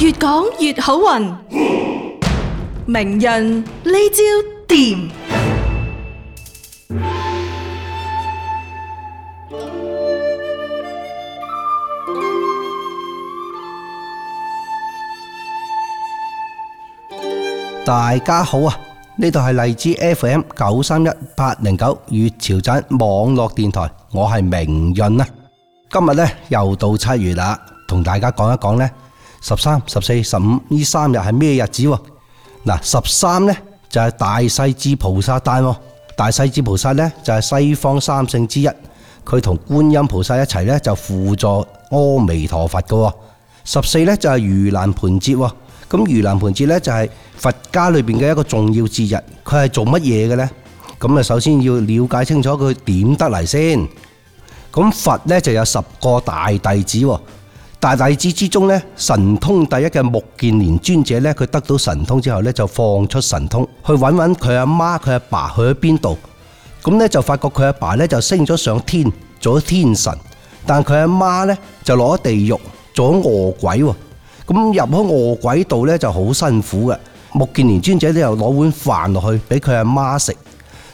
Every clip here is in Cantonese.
越講越好運，明潤呢招掂。大家好啊，呢度係荔枝 FM 九三一八零九粵潮仔網絡電台，我係明潤啊。今日呢又到七月啦，同大家講一講呢。十三、十四、十五呢三日係咩日子？嗱，十三呢就係大勢至菩薩誕，大勢至菩薩呢就係西方三聖之一，佢同觀音菩薩一齊呢就輔助阿彌陀佛嘅。十四呢就係盂蘭盆節，咁盂蘭盆節呢就係佛家裏邊嘅一個重要節日，佢係做乜嘢嘅呢？咁啊，首先要了解清楚佢點得嚟先。咁佛呢就有十個大弟子。大弟子之中咧，神通第一嘅目犍連尊者咧，佢得到神通之後咧，就放出神通去搵搵佢阿媽佢阿爸去邊度。咁咧就發覺佢阿爸咧就升咗上天做咗天神，但佢阿媽咧就攞咗地獄做咗餓鬼。咁入咗餓鬼度咧就好辛苦嘅。目犍連尊者咧又攞碗飯落去俾佢阿媽食，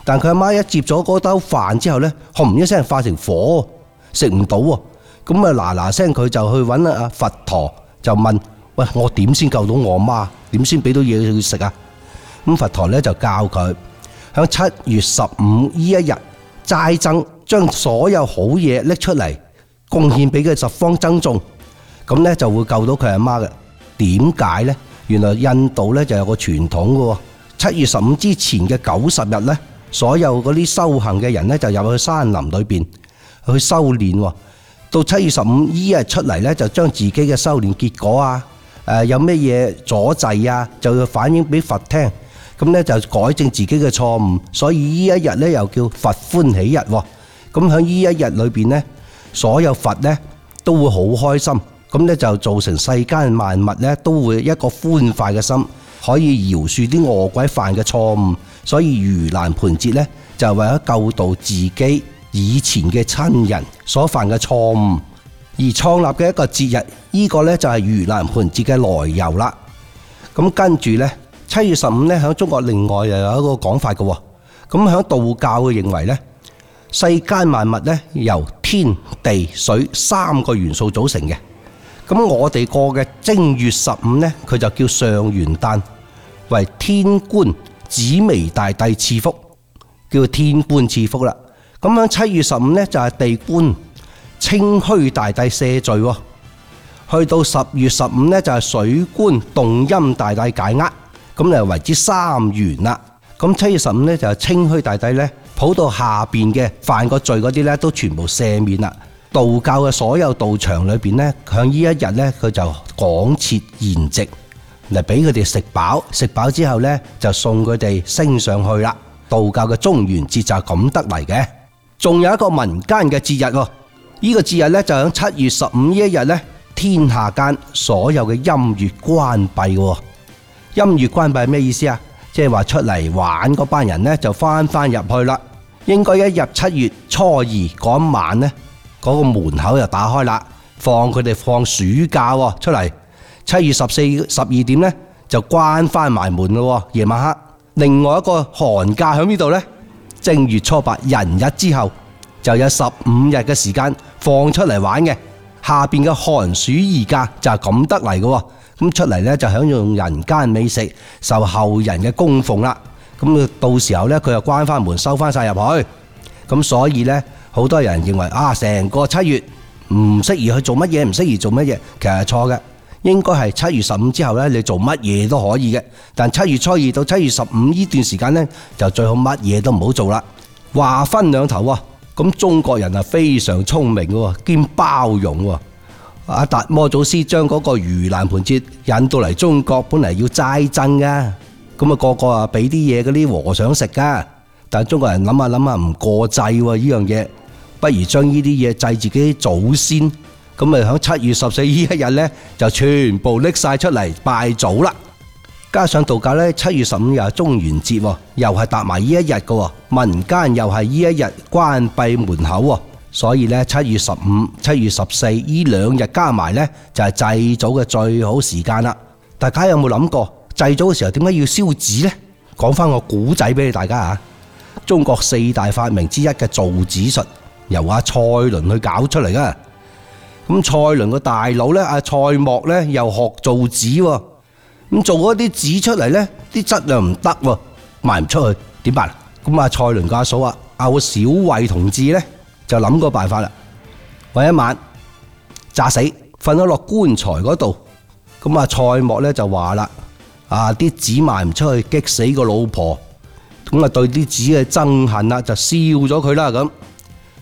但佢阿媽一接咗嗰兜飯之後咧，轟一聲化成火，食唔到喎。咁啊嗱嗱聲，佢就去揾阿佛陀，就問：喂，我點先救到我媽？點先俾到嘢佢食啊？咁佛陀呢就教佢喺七月十五呢一日齋僧，將所有好嘢拎出嚟，貢獻俾佢十方僧眾。咁呢就會救到佢阿媽嘅。點解呢？原來印度呢就有個傳統嘅喎，七月十五之前嘅九十日呢，所有嗰啲修行嘅人呢，就入去山林裏面去修煉喎。到七月十五呢日出嚟咧，就將自己嘅修煉結果啊，誒，有乜嘢阻滯啊，就要反映俾佛聽，咁咧就改正自己嘅錯誤。所以呢一日咧又叫佛歡喜日，咁喺呢一日裏邊咧，所有佛咧都會好開心，咁咧就造成世間萬物咧都會一個歡快嘅心，可以饒恕啲餓鬼犯嘅錯誤。所以盂蘭盆節咧就為咗救度自己。以前嘅親人所犯嘅錯誤，而創立嘅一個節日，呢個呢就係盂蘭盆節嘅來由啦。咁跟住呢，七月十五呢，喺中國另外又有一個講法嘅。咁喺道教嘅認為呢，世間萬物呢，由天地水三個元素組成嘅。咁我哋過嘅正月十五呢，佢就叫上元誕，為天官紫微大帝賜福，叫天官賜福啦。咁樣七月十五呢，就係地官清虛大帝赦罪，去到十月十五呢，就係水官洞陰大帝解厄，咁咧，為之三元啦。咁七月十五呢，就係清虛大帝呢，普到下面嘅犯過罪嗰啲呢，都全部赦免啦。道教嘅所有道場裏面呢，向呢一日呢，佢就廣設筵席嚟俾佢哋食飽，食飽之後呢，就送佢哋升上去啦。道教嘅中元節就係咁得嚟嘅。仲有一個民間嘅節日，呢個節日呢，就喺七月十五呢一日呢，天下間所有嘅音樂關閉，音樂關閉係咩意思啊？即係話出嚟玩嗰班人呢，就翻翻入去啦。應該一入七月初二嗰晚呢，嗰個門口就打開啦，放佢哋放暑假出嚟。七月十四十二點呢，就關翻埋門咯。夜晚黑，另外一個寒假喺邊度呢？正月初八人日之後就有十五日嘅時間放出嚟玩嘅，下邊嘅寒暑二假就係咁得嚟嘅，咁出嚟咧就享用人間美食，受後人嘅供奉啦。咁啊，到時候咧佢就關翻門收翻晒入去，咁所以咧好多人認為啊，成個七月唔適宜去做乜嘢，唔適宜做乜嘢，其實係錯嘅。應該係七月十五之後呢，你做乜嘢都可以嘅。但七月初二到七月十五呢段時間呢，就最好乜嘢都唔好做啦。話分兩頭喎，咁中國人啊非常聰明嘅，兼包容。阿達摩祖師將嗰個盂蘭盆節引到嚟中國，本嚟要齋僧噶，咁啊個個啊俾啲嘢嗰啲和尚食噶。但中國人諗下諗下唔過祭，呢樣嘢不如將呢啲嘢祭自己祖先。咁咪喺七月十四呢一日呢，就全部拎晒出嚟拜祖啦。加上道教呢，七月十五中元節又係搭埋呢一日喎。民間又係呢一日關閉門口。所以呢，七月十五、七月十四呢兩日加埋呢，就係、是、祭祖嘅最好時間啦。大家有冇諗過祭祖嘅時候點解要燒紙呢？講翻個古仔俾你大家啊！中國四大發明之一嘅造紙術，由阿蔡倫去搞出嚟噶。咁蔡倫個大佬咧，阿蔡莫咧又學造紙，咁做嗰啲紙出嚟咧，啲質量唔得，賣唔出去，點辦？咁阿蔡倫個阿嫂啊，阿小慧同志咧就諗個辦法啦，瞓一晚炸死，瞓咗落棺材嗰度。咁阿蔡莫咧就話啦，啊啲紙賣唔出去，激死個老婆，咁啊對啲紙嘅憎恨啊就燒咗佢啦咁，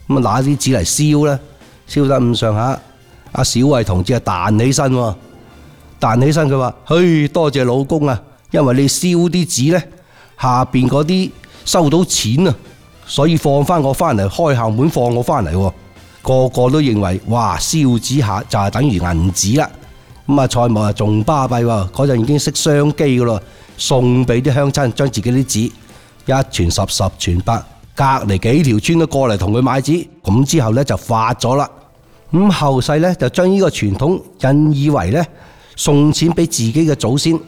咁啊拿啲紙嚟燒啦，燒得咁上下。阿小慧同志啊，彈起身，彈起身，佢話：嘿，多謝老公啊，因為你燒啲紙咧，下邊嗰啲收到錢啊，所以放翻我翻嚟，開後門放我翻嚟。個個都認為：哇，燒紙下就係等於銀紙啦。咁啊，蔡某啊仲巴閉，嗰陣已經識商機噶咯，送俾啲鄉親，將自己啲紙一傳十，十傳百，隔籬幾條村都過嚟同佢買紙。咁之後咧就發咗啦。咁後世咧就將呢個傳統引以為咧送錢俾自己嘅祖先，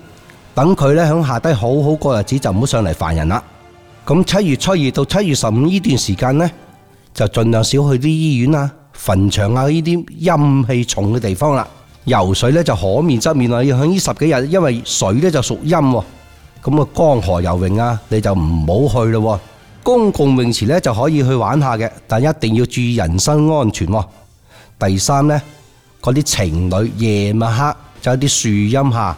等佢咧響下低好好過日子，就唔好上嚟煩人啦。咁七月初二到七月十五呢段時間咧，就儘量少去啲醫院啊、墳場啊呢啲陰氣重嘅地方啦、啊。游水咧就可免則免啊，要喺呢十幾日，因為水咧就屬陰，咁啊江河游泳啊你就唔好去咯、啊。公共泳池咧就可以去玩下嘅，但一定要注意人身安全喎、啊。第三呢，嗰啲情侶夜晚黑在啲樹音下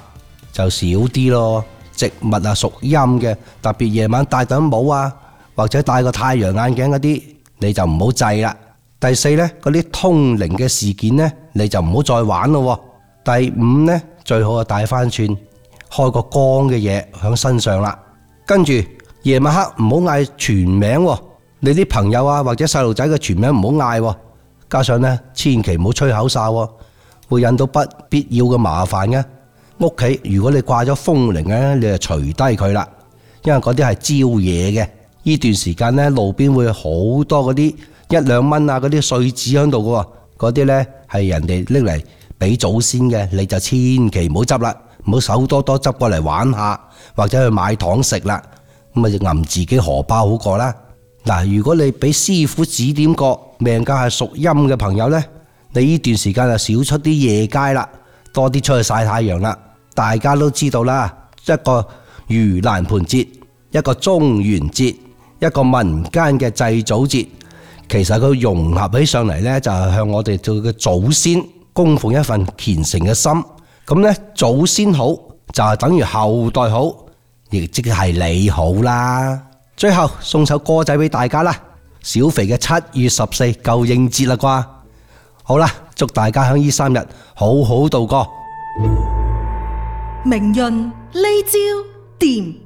就少啲咯。植物啊屬陰嘅，特別夜晚戴頂帽啊，或者戴個太陽眼鏡嗰啲，你就唔好制啦。第四呢，嗰啲通靈嘅事件呢，你就唔好再玩咯。第五呢，最好就帶翻串開個光嘅嘢喺身上啦。跟住夜晚黑唔好嗌全名，你啲朋友啊或者細路仔嘅全名唔好嗌。加上咧，千祈唔好吹口哨喎，會引到不必要嘅麻煩嘅。屋企如果你掛咗風鈴咧，你就除低佢啦，因為嗰啲係招嘢嘅。呢段時間咧，路邊會好多嗰啲一兩蚊啊，嗰啲碎紙喺度嘅，嗰啲咧係人哋拎嚟俾祖先嘅，你就千祈唔好執啦，唔好手多多執過嚟玩下，或者去買糖食啦，咁啊就揞自己荷包好過啦。嗱，如果你俾師傅指點過。命格係屬陰嘅朋友呢，你呢段時間就少出啲夜街啦，多啲出去曬太陽啦。大家都知道啦，一個盂蘭盆節，一個中元節，一個民間嘅祭祖節，其實佢融合起上嚟呢，就係向我哋做嘅祖先供奉一份虔誠嘅心。咁呢，祖先好就係等於後代好，亦即係你好啦。最後送首歌仔俾大家啦。小肥嘅七月十四夠應節喇啩，好啦，祝大家喺呢三日好好度過。明潤呢招掂。